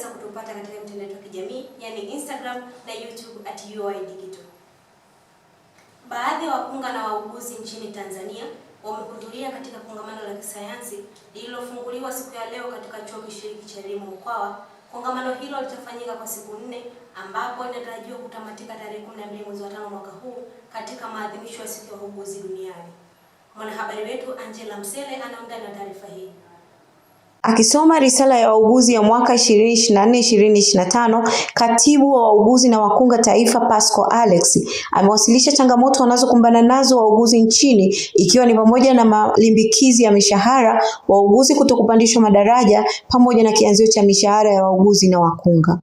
unaweza kutupata katika mtandao wa kijamii yani Instagram na YouTube at UoI Digital. Baadhi ya wakunga na wauguzi nchini Tanzania wamehudhuria katika kongamano la kisayansi lililofunguliwa siku ya leo katika chuo kishiriki cha elimu Mkwawa. Kongamano hilo litafanyika kwa siku nne ambapo inatarajiwa kutamatika tarehe 12 mwezi wa tano mwaka huu katika maadhimisho ya siku ya wauguzi duniani. Mwanahabari wetu Angela Msele anaungana na taarifa hii. Akisoma risala ya wauguzi ya mwaka 2024-2025, katibu wa wauguzi na wakunga taifa Pasco Alex amewasilisha changamoto wanazokumbana nazo wauguzi nchini ikiwa ni pamoja na malimbikizi ya mishahara, wauguzi kutokupandishwa madaraja pamoja na kianzio cha mishahara ya wauguzi na wakunga.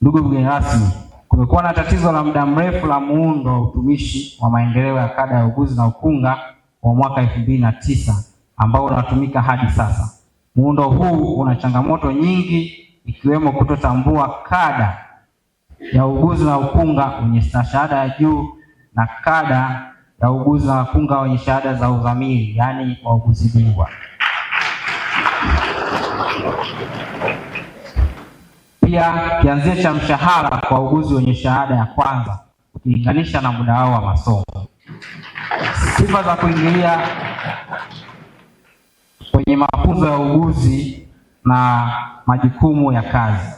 Ndugu mgeni rasmi, kumekuwa na tatizo la muda mrefu la muundo wa utumishi wa maendeleo ya kada ya wauguzi na wakunga wa mwaka 2009 ambao unatumika hadi sasa. Muundo huu una changamoto nyingi ikiwemo kutotambua kada ya uuguzi na ukunga wenye shahada ya juu na kada ya uuguzi na ukunga wenye shahada za uzamili, yaani wauguzi bingwa. Pia kianzio cha mshahara kwa wauguzi wenye shahada ya kwanza ukilinganisha na muda wao wa masomo. Sifa za kuingilia kwenye mafunzo ya uuguzi na majukumu ya kazi.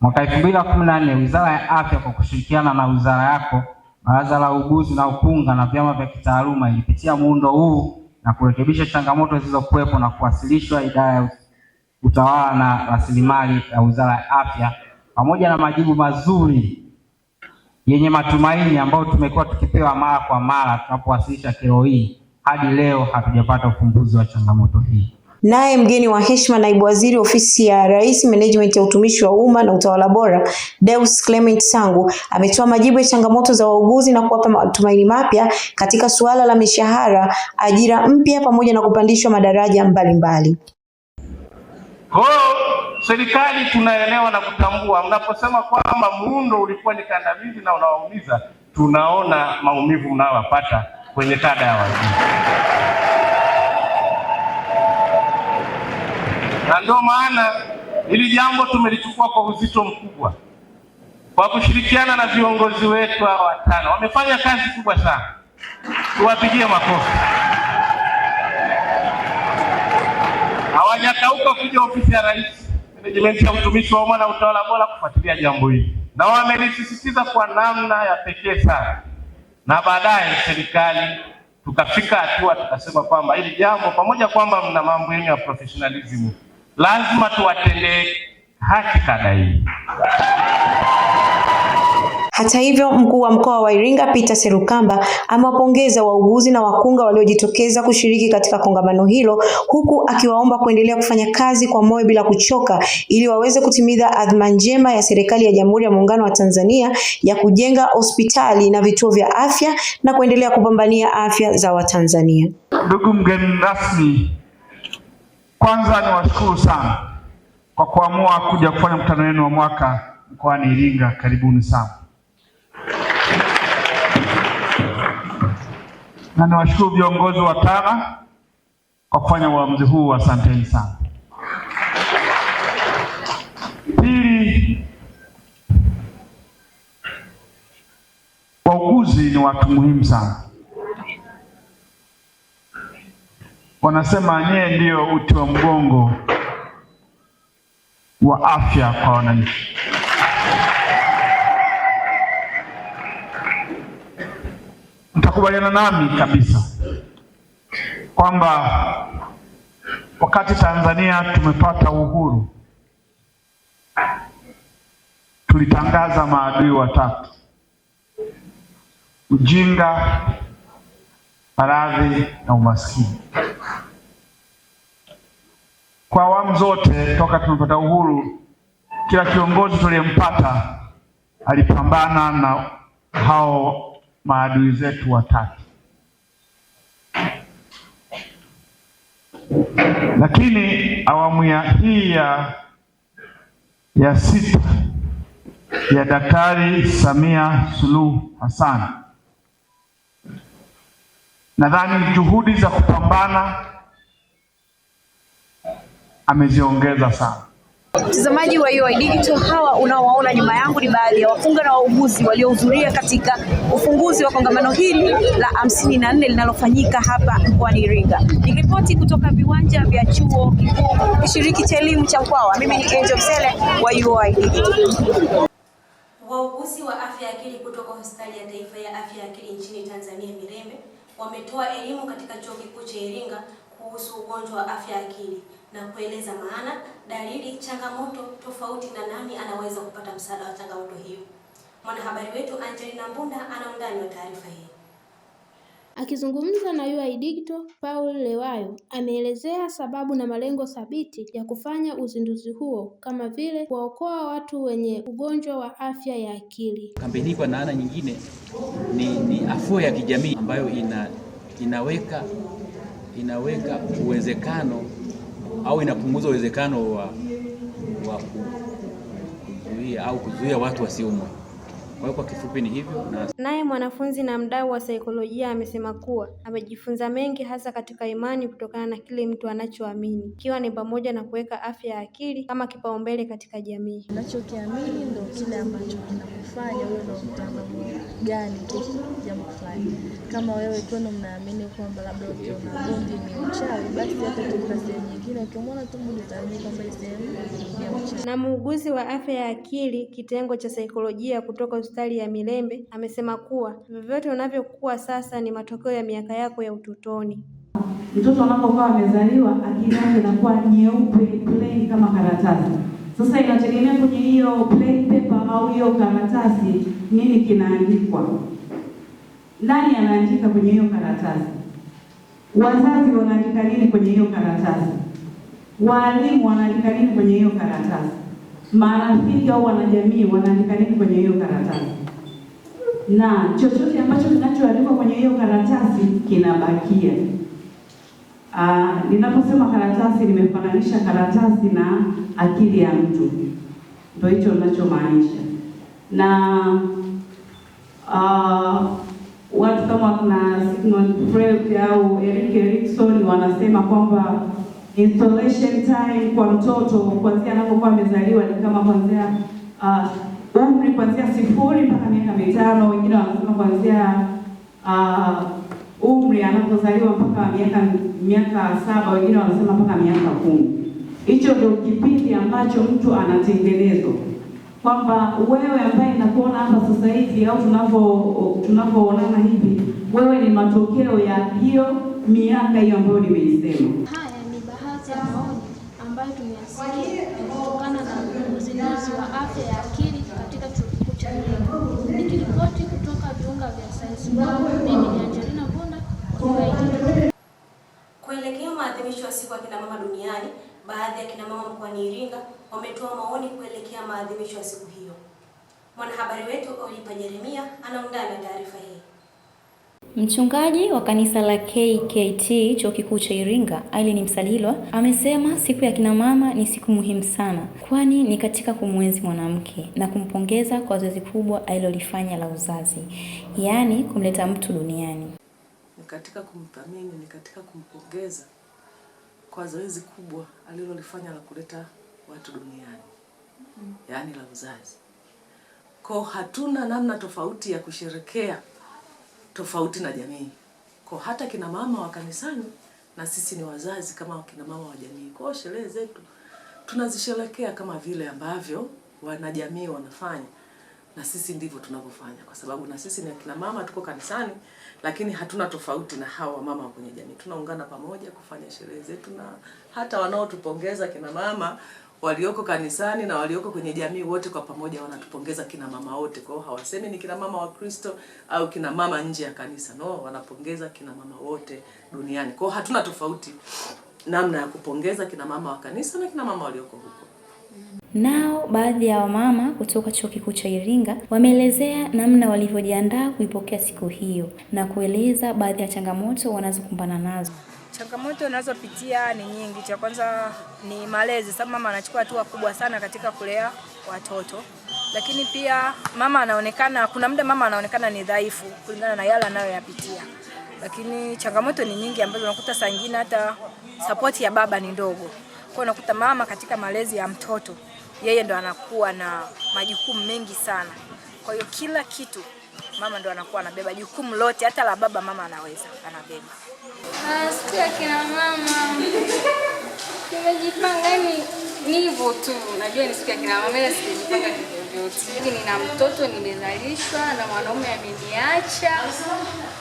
Mwaka 2014 na kumi na nne Wizara ya Afya kwa kushirikiana na wizara yako, Baraza la Uuguzi na Ukunga na vyama vya kitaaluma ilipitia muundo huu na kurekebisha changamoto zilizokuwepo na kuwasilishwa Idara ya Utawala na Rasilimali ya Wizara ya Afya pamoja na majibu mazuri yenye matumaini ambayo tumekuwa tukipewa mara kwa mara tunapowasilisha kero hii. Hadi leo hatujapata ufumbuzi wa changamoto hii. Naye mgeni wa heshima, naibu waziri ofisi ya Rais, management ya Utumishi wa Umma na Utawala Bora, Deus Clement Sangu ametoa majibu ya changamoto za wauguzi na kuwapa matumaini mapya katika suala la mishahara, ajira mpya pamoja na kupandishwa madaraja mbalimbali. Serikali tunaelewa na kutambua, mnaposema kwamba muundo ulikuwa ni kandamizi na unawaumiza, tunaona maumivu mnayowapata kwenye kada ya waziri na ndio maana hili jambo tumelichukua kwa uzito mkubwa kwa kushirikiana na viongozi wetu hawa watano. Wamefanya kazi kubwa sana, tuwapigie makofi. Hawajakauka kuja ofisi ya Rais, menejimenti ya utumishi wa umma na utawala bora kufuatilia jambo hili, na wamelisisitiza kwa namna ya pekee sana, na baadaye serikali tukafika hatua tukasema kwamba hili jambo pamoja kwamba mna mambo yenu ya professionalism lazima tuwatendee haki hii. Hata hivyo, mkuu wa mkoa wa Iringa Peter Serukamba amewapongeza wauguzi na wakunga waliojitokeza kushiriki katika kongamano hilo, huku akiwaomba kuendelea kufanya kazi kwa moyo bila kuchoka ili waweze kutimiza adhima njema ya serikali ya Jamhuri ya Muungano wa Tanzania ya kujenga hospitali na vituo vya afya na kuendelea kupambania afya za Watanzania. Ndugu mgeni rasmi kwanza niwashukuru sana kwa kuamua kuja kufanya mkutano wenu wa mwaka mkoani Iringa. Karibuni sana na niwashukuru viongozi wa TANRA kwa kufanya uamuzi huu, asanteni sana. Pili, wauguzi ni watu muhimu sana wanasema nyie ndio uti wa mgongo wa afya kwa wananchi. Mtakubaliana nami kabisa kwamba wakati Tanzania tumepata uhuru tulitangaza maadui watatu: ujinga maradhi na umaskini. Kwa awamu zote toka tumepata uhuru, kila kiongozi tuliyempata alipambana na hao maadui zetu watatu, lakini awamu ya hii ya ya sita ya Daktari Samia Suluhu Hassan Nadhani juhudi za kupambana ameziongeza sana. Mtazamaji wa UoI Digital, hawa unaowaona nyuma yangu ni baadhi ya wafunga na wauguzi waliohudhuria katika ufunguzi wa kongamano hili la hamsini na nne linalofanyika hapa mkoani Iringa. Nikiripoti kutoka viwanja vya chuo kikuu kishiriki cha elimu cha Mkwawa, mimi ni Angel Msele wa UoI Digital. Wauguzi wa afya ya akili kutoka hospitali ya taifa ya afya ya akili nchini Tanzania Mirembe wametoa elimu katika Chuo Kikuu cha Iringa kuhusu ugonjwa wa afya ya akili na kueleza maana, dalili, changamoto tofauti na nani anaweza kupata msaada wa changamoto hiyo. Mwanahabari wetu Angelina Mbunda anaundani wa taarifa hii. Akizungumza na UoI Digital, Paul Lewayo ameelezea sababu na malengo thabiti ya kufanya uzinduzi huo kama vile kuwaokoa watu wenye ugonjwa wa afya ya akili. Kampeni hii kwa naana nyingine ni, ni afua ya kijamii ambayo ina, inaweka inaweka uwezekano au inapunguza uwezekano wa, wa kuzuia au kuzuia watu wasiumwe. Kwa hiyo kwa kifupi ni hivyo. Naye mwanafunzi na mdau wa saikolojia amesema kuwa amejifunza mengi hasa katika imani kutokana na kile mtu anachoamini, ikiwa ni pamoja na kuweka afya ya akili kama kipaumbele katika jamii. Unachokiamini ndo kile ambacho kinakufanya wewe na mtazamo gani kuhusu jambo fulani. Kama wewe kwenu mnaamini kwamba labda ukiona ni uchawi, basi hata mwingine, ukimwona tumbo kwamba Na muuguzi wa afya ya akili kitengo cha saikolojia kutoka hospitali ya milembe amesema kuwa vyovyote unavyokuwa sasa ni matokeo ya miaka yako ya utotoni. Mtoto anapokuwa amezaliwa akili yake inakuwa nyeupe plain kama karatasi. Sasa inategemea kwenye hiyo plain paper au hiyo karatasi nini kinaandikwa, nani anaandika kwenye hiyo karatasi, wazazi wanaandika nini kwenye hiyo karatasi. Waalimu wanaandika nini kwenye hiyo karatasi? Marafiki au wanajamii wanaandika nini kwenye hiyo karatasi? Na chochote ambacho kinachoandikwa kwenye hiyo karatasi kinabakia. Ah, ninaposema karatasi nimefananisha karatasi na akili ya mtu, ndio hicho ninachomaanisha. Na ah, watu kama wakina Sigmund Freud au Erik Erikson wanasema kwamba installation time kwa mtoto kuanzia anapokuwa amezaliwa ni kama kuanzia uh, umri kuanzia sifuri mpaka miaka mitano. Wengine wanasema kuanzia uh, umri anapozaliwa mpaka miaka miaka saba, wengine wanasema mpaka miaka kumi. Hicho ndio kipindi ambacho mtu anatengenezwa kwamba wewe ambaye nakuona hapa sasa hivi au tunapo tunapoonana hivi, wewe ni matokeo ya hiyo miaka hiyo ambayo nimeisema ambayo tumeyasikia kutokana na uzinduzi wa afya ya akili katika chuo kikuu cha Iringa. Nikiripoti kutoka viunga vya sayansi mao, mimi ni Angelina Vonda. Kuelekea maadhimisho ya siku ya kina mama duniani, baadhi ya kina mama mkoani Iringa wametoa maoni kuelekea maadhimisho ya siku hiyo. Mwanahabari wetu Olipa Jeremia anaundana taarifa hii. Mchungaji wa kanisa la KKT Chuo Kikuu cha Iringa, Aileen Msalilwa, amesema siku ya kina mama ni siku muhimu sana, kwani ni katika kumwenzi mwanamke na kumpongeza kwa zoezi kubwa alilolifanya la uzazi, yaani kumleta mtu duniani. Ni katika kumthamini, ni katika kumpongeza kwa zoezi kubwa alilolifanya la kuleta watu duniani, yaani la uzazi. Kwa hatuna namna tofauti ya kusherekea tofauti na jamii. Kwa hata kina mama wa kanisani na sisi ni wazazi kama kina mama wa jamii. Kwa sherehe zetu tunazisherekea kama vile ambavyo wanajamii wanafanya na sisi ndivyo tunavyofanya, kwa sababu na sisi ni kina mama, tuko kanisani, lakini hatuna tofauti na hawa mama wa kwenye jamii. Tunaungana pamoja kufanya sherehe zetu, na hata wanaotupongeza kina mama walioko kanisani na walioko kwenye jamii, wote kwa pamoja wanatupongeza kina mama wote. Kwa hiyo hawasemi ni kina mama wa Kristo au kina mama nje ya kanisa, no, wanapongeza kina mama wote duniani. Kwa hiyo hatuna tofauti namna ya kupongeza kina mama wa kanisa na kina mama walioko huko. Nao baadhi ya wamama kutoka Chuo Kikuu cha Iringa wameelezea namna walivyojiandaa kuipokea siku hiyo na kueleza baadhi ya changamoto wanazokumbana nazo. Changamoto ninazopitia ni nyingi. Cha kwanza ni malezi, sababu mama anachukua hatua kubwa sana katika kulea watoto, lakini pia mama anaonekana, kuna muda mama anaonekana ni dhaifu kulingana na yale anayoyapitia, lakini changamoto ni nyingi ambazo unakuta saa nyingine hata sapoti ya baba ni ndogo. Kwa unakuta mama katika malezi ya mtoto yeye ndo anakuwa na majukumu mengi sana, kwa hiyo kila kitu mama ndo anakuwa anabeba jukumu lote, hata la baba mama anaweza anabeba. Siku ya kina mama nimejipanga yaani ni hivyo tu, najua ni siku ya kina mama, ila sijajipanga kivyovyote. Yaani nina mtoto nimezalishwa na mwanaume ameniacha,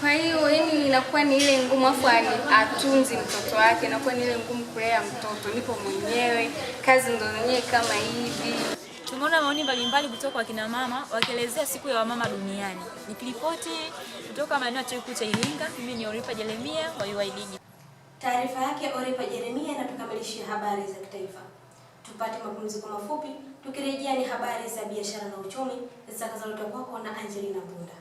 kwa hiyo yani inakuwa ni ile ngumu, afu atunzi mtoto wake, inakuwa ni ile ngumu kulea mtoto. Nipo mwenyewe, kazi ndo zenyewe kama hivi tumeona maoni mbalimbali kutoka kwa kina mama wakielezea siku ya wamama duniani. Nikiripoti kutoka maeneo ya chuo kikuu cha Iringa, mimi ni Oripa Jeremia wa UoI Taarifa yake Oripa Jeremia inatukamilishia habari za kitaifa. Tupate mapumziko mafupi, tukirejea ni habari za biashara na uchumi zitakazoletwa kwako na Angelina Bunda.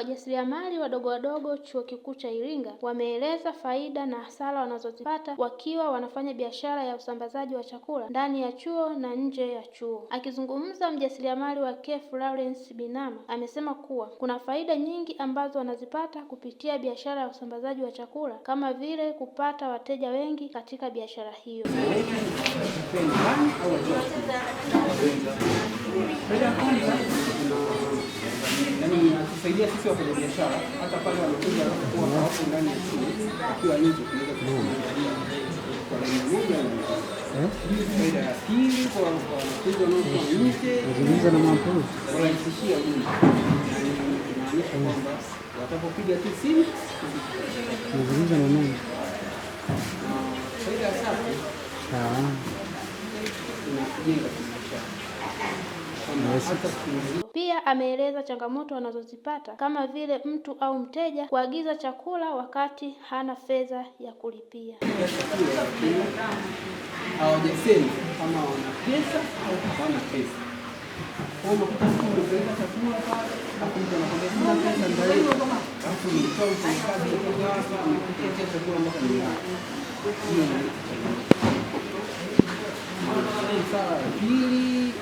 Wajasiriamali wadogo wadogo chuo kikuu cha Iringa wameeleza faida na hasara wanazozipata wakiwa wanafanya biashara ya usambazaji wa chakula ndani ya chuo na nje ya chuo. Akizungumza, mjasiriamali wa KEF Lawrence Binama amesema kuwa kuna faida nyingi ambazo wanazipata kupitia biashara ya usambazaji wa chakula kama vile kupata wateja wengi katika biashara hiyo inatusaidia sisi wafanya biashara hata pale wanakuja wanapokuwa hawapo ndani ya chuo akiwa nje, tunaweza kuajiri eh? Faida ya pili kwa wanafunzi mm. nje, mm. kwamba watapopiga tu simu na Faida ya tatu inajenga pia ameeleza changamoto wanazozipata kama vile mtu au mteja kuagiza chakula wakati hana fedha ya kulipia. Hawajasema kama wana pesa au hawana pesa. chakula 비리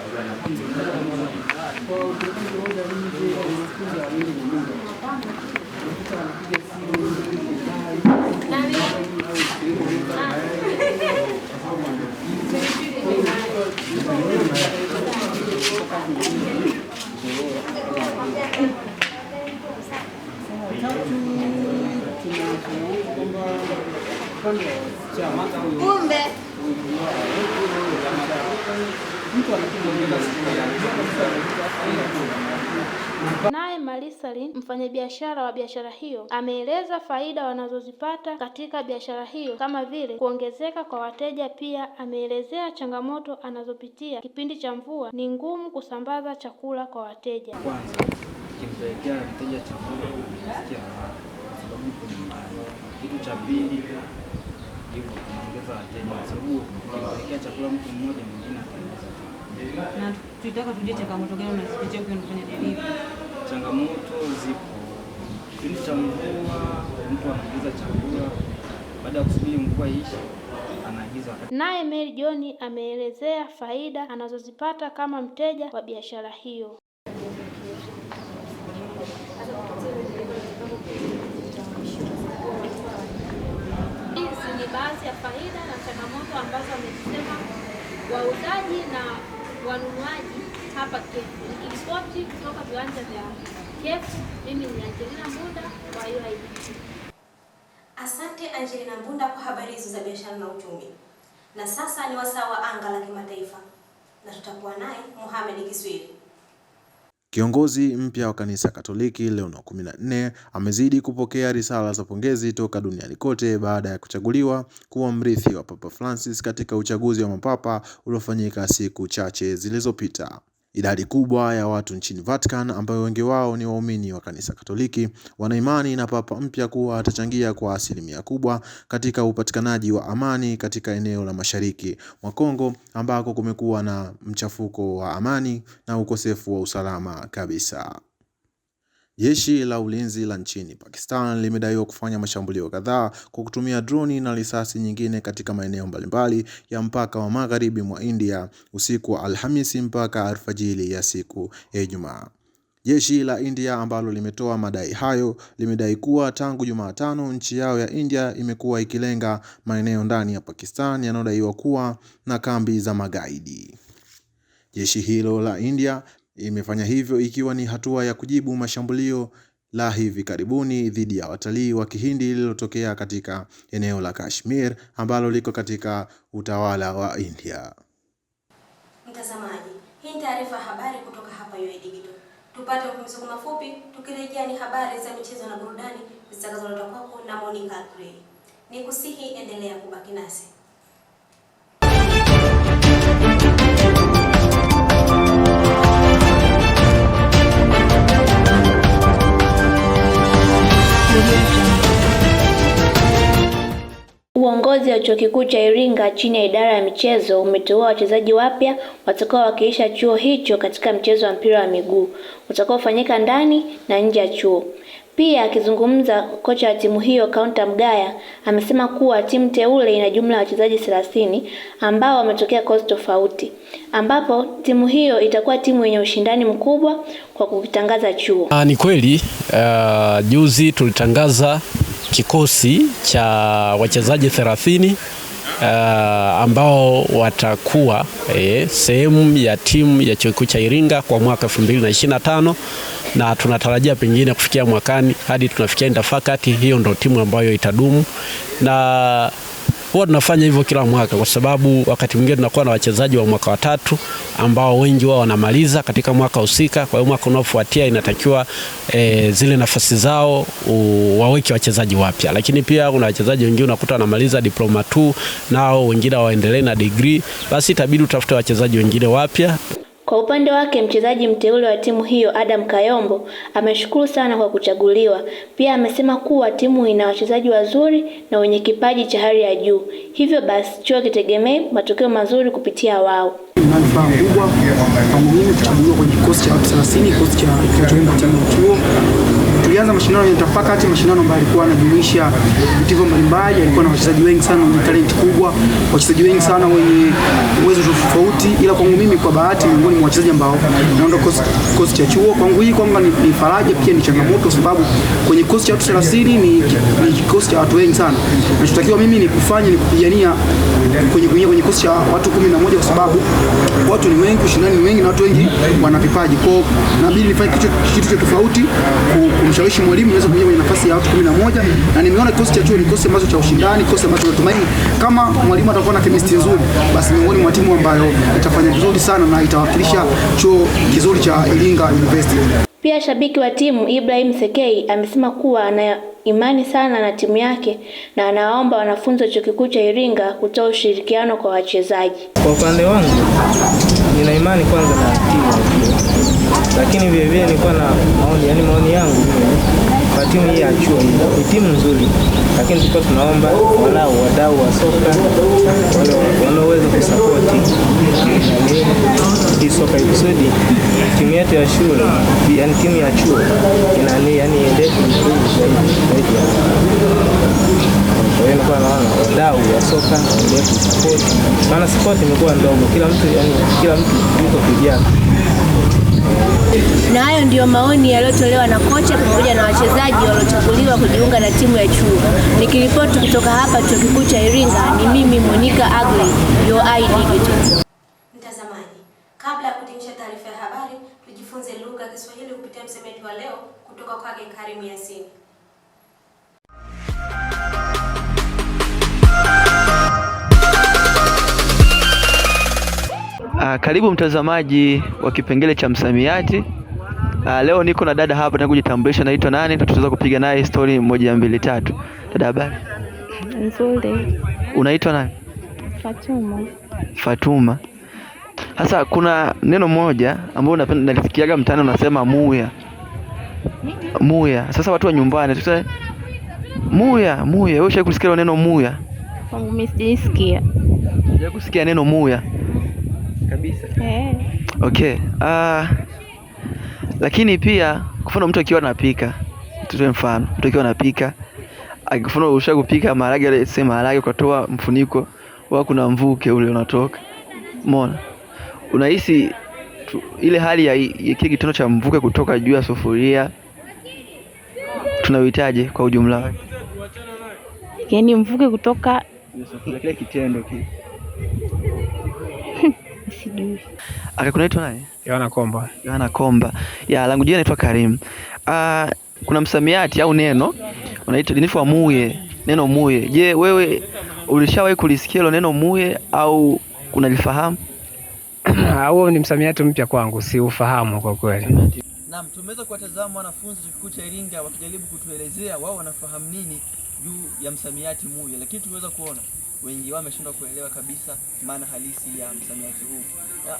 뭐 그런 경우라든 Naye malisalin mfanyabiashara wa biashara hiyo, ameeleza faida wanazozipata katika biashara hiyo kama vile kuongezeka kwa wateja. Pia ameelezea changamoto anazopitia kipindi cha mvua, ni ngumu kusambaza chakula kwa wateja. Kwanza mteja chakula sababu kuna kitu cha pili hivyo tunaongeza wateja kwa sababu chakula mtu mmoja mwingine Na tutaka tujue changamoto gani unazipitia ukiwa unafanya delivery? Changamoto zipo, kipindi cha mvua mtu anaagiza chakula, baada ya kusubiri mvua iishe Naye Mary John ameelezea faida anazozipata kama mteja wa biashara hiyo. faida na changamoto ambazo wamezisema wauzaji na wanunuaji hapa Kefu. Nikiripoti kutoka viwanja vya Kefu, mimi ni Angelina Mbunda wa UoI. Asante Angelina Mbunda kwa habari hizo za biashara na uchumi. Na sasa ni wasaa wa anga la kimataifa na tutakuwa naye Mohamed Kiswiri. Kiongozi mpya wa kanisa Katoliki na 14 amezidi kupokea risala za pongezi toka duniani kote baada ya kuchaguliwa kuwa mrithi wa Papa Francis katika uchaguzi wa mapapa uliofanyika siku chache zilizopita. Idadi kubwa ya watu nchini Vatican ambayo wengi wao ni waumini wa kanisa Katoliki wana imani na papa mpya kuwa atachangia kwa asilimia kubwa katika upatikanaji wa amani katika eneo la mashariki mwa Kongo ambako kumekuwa na mchafuko wa amani na ukosefu wa usalama kabisa. Jeshi la ulinzi la nchini Pakistan limedaiwa kufanya mashambulio kadhaa kwa kutumia droni na risasi nyingine katika maeneo mbalimbali ya mpaka wa magharibi mwa India usiku wa Alhamisi mpaka alfajili ya siku ya Ijumaa. Jeshi la India ambalo limetoa madai hayo limedai kuwa tangu Jumatano nchi yao ya India imekuwa ikilenga maeneo ndani ya Pakistan yanayodaiwa kuwa na kambi za magaidi. Jeshi hilo la India imefanya hivyo ikiwa ni hatua ya kujibu mashambulio la hivi karibuni dhidi ya watalii wa Kihindi lililotokea katika eneo la Kashmir ambalo liko katika utawala wa India. Mtazamaji, hii ni taarifa ya habari kutoka hapa UoI Digital. Tupate mapumziko mafupi, tukirejea ni habari za michezo na burudani zitakazoletwa kwako na Monica Gray. Nikusihi endelea kubaki nasi. Uongozi wa Chuo Kikuu cha Iringa chini ya idara ya michezo umeteua wachezaji wapya watakaowakilisha chuo hicho katika mchezo wa mpira wa miguu utakaofanyika ndani na nje ya chuo. Pia akizungumza kocha wa timu hiyo Kaunta Mgaya amesema kuwa timu teule ina jumla ya wachezaji 30 ambao wametokea kozi tofauti, ambapo timu hiyo itakuwa timu yenye ushindani mkubwa kwa kukitangaza chuo. Aa, ah, ni kweli uh, juzi tulitangaza kikosi cha wachezaji thelathini uh, ambao watakuwa eh, sehemu ya timu ya chuo kikuu cha Iringa kwa mwaka 2025 na tunatarajia pengine kufikia mwakani hadi tunafikia Inter hiyo ndio timu ambayo itadumu na Huwa tunafanya hivyo kila mwaka, kwa sababu wakati mwingine tunakuwa na wachezaji wa mwaka watatu ambao wengi wao wanamaliza katika mwaka husika. Kwa hiyo mwaka unaofuatia inatakiwa e, zile nafasi zao waweke wachezaji wapya, lakini pia kuna wachezaji wengine unakuta wanamaliza diploma tu, nao wengine waendelee na degree, basi itabidi utafute wachezaji wengine wapya. Kwa upande wake mchezaji mteule wa timu hiyo Adam Kayombo ameshukuru sana kwa kuchaguliwa. Pia amesema kuwa timu ina wachezaji wazuri na wenye kipaji cha hali ya juu, hivyo basi chuo kitegemee matokeo mazuri kupitia wao. kubwa kwa kwenye kikosi cha 30 kikosi cha chuo alianza mashindano ya Tafakati, mashindano ambayo alikuwa anajumuisha vitivo mbalimbali, Alikuwa na wachezaji wengi sana wenye talenti kubwa, wachezaji wengi sana wenye uwezo tofauti, ila kwangu mimi kwa bahati, miongoni mwa wachezaji ambao naondoka kosi kos cha chuo, kwangu hii kwamba ni, ni faraja pia ni changamoto, sababu kwenye kosi cha watu 30 ni, ni kikosi cha watu wengi sana. Nachotakiwa mimi ni kufanya ni kupigania kwenye kwenye kwenye kosi cha watu 11 kwa sababu watu ni wengi, ushindani ni wengi na watu wengi wana vipaji. kwao, hiyo inabidi nifanye kitu kitu tofauti kumshawishi kumshawishi mwalimu aweze kuja kwenye nafasi ya watu 11 na nimeona kikosi cha chuo ni kikosi ambacho cha ushindani, kikosi ambacho natumaini kama mwalimu atakuwa na chemistry nzuri, basi miongoni mwa timu ambayo itafanya vizuri sana na itawakilisha chuo kizuri cha Iringa University. Pia shabiki wa timu Ibrahim Sekei amesema kuwa ana imani sana na timu yake na anaomba wanafunzi wa chuo kikuu cha Iringa kutoa ushirikiano kwa wachezaji. Kwa upande wangu, nina imani kwanza na timu, lakini vilevile nilikuwa na maoni, yani maoni yangu kwa timu hii ya chuo ni timu nzuri, lakini tulikuwa tunaomba walau wadau wa soka wanaoweza kusapoti hii soka ikusudi timu yetu ya shule, yani timu ya chuo inani, yani iendelee zaidi. Kwa hiyo naona wadau wa soka waendelee kusupport, maana support imekuwa ndogo, kila mtu yani, kila mtu yuko vijana. Na hayo ndiyo maoni yaliyotolewa na kocha pamoja na wachezaji waliochaguliwa kujiunga na timu ya chuo. Nikiripoti kutoka hapa chuo kikuu cha Iringa, ni mimi Monica Agli, UoI Digital. Mtazamaji, kabla ya kutimisha taarifa ya habari, tujifunze lugha ya Kiswahili kupitia msemaji wa leo kutoka kwake Karim Yasini. Aa, ah, karibu mtazamaji wa kipengele cha msamiati. Aa, ah, leo niko na dada hapa nataka kujitambulisha, naitwa nani? Tutaweza kupiga naye story moja mbili tatu. Dada, habari nzuri? Unaitwa nani? Fatuma. Fatuma. Sasa kuna neno moja ambayo ambalo nalisikiaga mtaani unasema muya. Muya. Sasa watu wa nyumbani tuta muya, muya. Wewe ushakusikia neno muya? Mimi sijaisikia. Sijakusikia neno muya kabisa. Eh. Okay. Uh, lakini pia kufuna mtu akiwa anapika, tutoe mfano, mtu akiwa anapika akifuna usha kupika maharage ile sema maharage ukatoa mfuniko wa kuna mvuke ule unatoka. Umeona? Unahisi ile hali ya, ya kile kitendo cha mvuke kutoka juu ya sufuria tunauhitaje kwa ujumla wake? Yaani mvuke kutoka kile kitendo kile sijui. Akakunaitwa kunaitwa nani? Yohana Komba. Yohana Komba. Ya langu jina naitwa Karim. Uh, kuna msamiati au neno unaitwa dinifu wa muye, neno muye. Je, wewe ulishawahi kulisikia hilo neno muye au unalifahamu? Ah, huo ni msamiati mpya kwangu, si ufahamu kwa kweli. Naam, tumeweza kuwatazama wanafunzi wa Chuo cha Iringa wakijaribu kutuelezea wao wanafahamu nini juu ya msamiati muye, lakini tumeweza kuona wengi wao wameshindwa kuelewa kabisa maana halisi ya msamiati huu.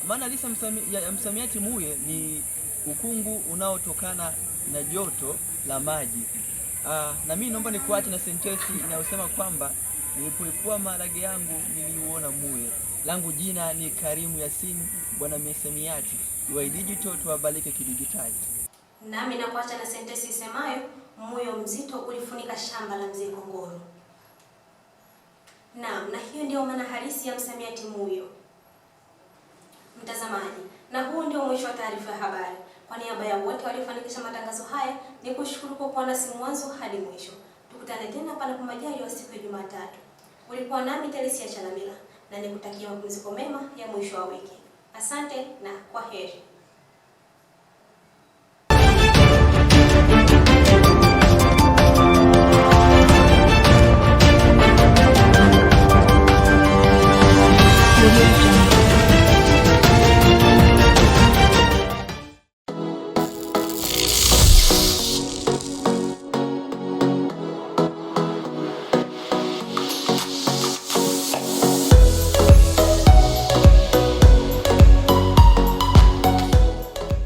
Maana halisi ya msamiati, ya msamiati muye ni ukungu unaotokana na joto la maji. Aa, ah, na mimi naomba nikuache na sentensi inayosema kwamba nilipoipua maharage yangu niliuona muye. Langu jina ni Karimu Yasini, bwana msamiati wa digital, tuwabalike kidigitali. Nami nakuacha na sentensi isemayo, moyo mzito ulifunika shamba la mzee Kongoro. Naam, na hiyo ndio maana halisi ya msamiati muyo. Mtazamaji, na huu ndio mwisho wa taarifa ya habari. Kwa niaba ya wote waliofanikisha matangazo haya, ni kushukuru kwa kuwa nasi mwanzo hadi mwisho. Tukutane tena panapo majaliwa siku ya Jumatatu. Ulikuwa nami Theresia Chalamila na nikutakia mapumziko mema ya mwisho wa wiki. Asante na kwa heri.